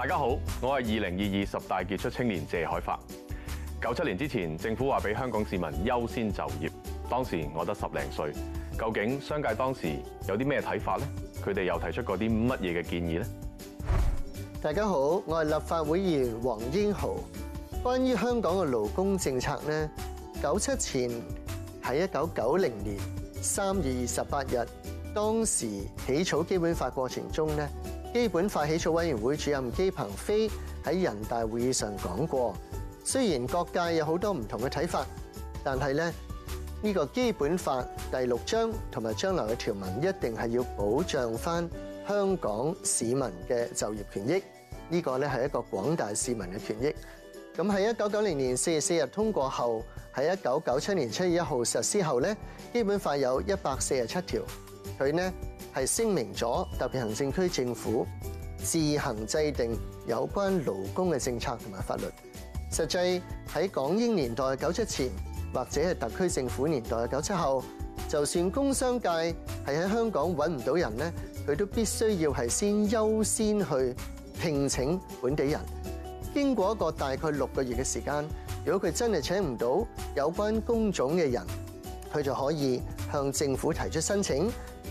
大家好，我係二零二二十大傑出青年謝海發。九七年之前，政府話俾香港市民優先就業，當時我得十零歲。究竟商界當時有啲咩睇法呢？佢哋又提出過啲乜嘢嘅建議呢？大家好，我係立法會議員黃英豪。關於香港嘅勞工政策呢，九七前喺一九九零年三月二十八日，當時起草基本法過程中呢。基本法起草委員會主任姬鵬飛喺人大會議上講過，雖然各界有好多唔同嘅睇法，但是，但係咧呢個基本法第六章同埋將來嘅條文一定係要保障翻香港市民嘅就業權益，呢個咧係一個廣大市民嘅權益。咁喺一九九零年四月四日通過後，喺一九九七年七月一號實施後，咧，基本法有一百四十七條。佢呢係聲明咗，特別行政區政府自行制定有關勞工嘅政策同埋法律。實際喺港英年代九七前，或者係特區政府年代九七後，就算工商界係喺香港揾唔到人呢，佢都必須要係先優先去聘請本地人。經過一個大概六個月嘅時間，如果佢真係請唔到有關工種嘅人，佢就可以向政府提出申請。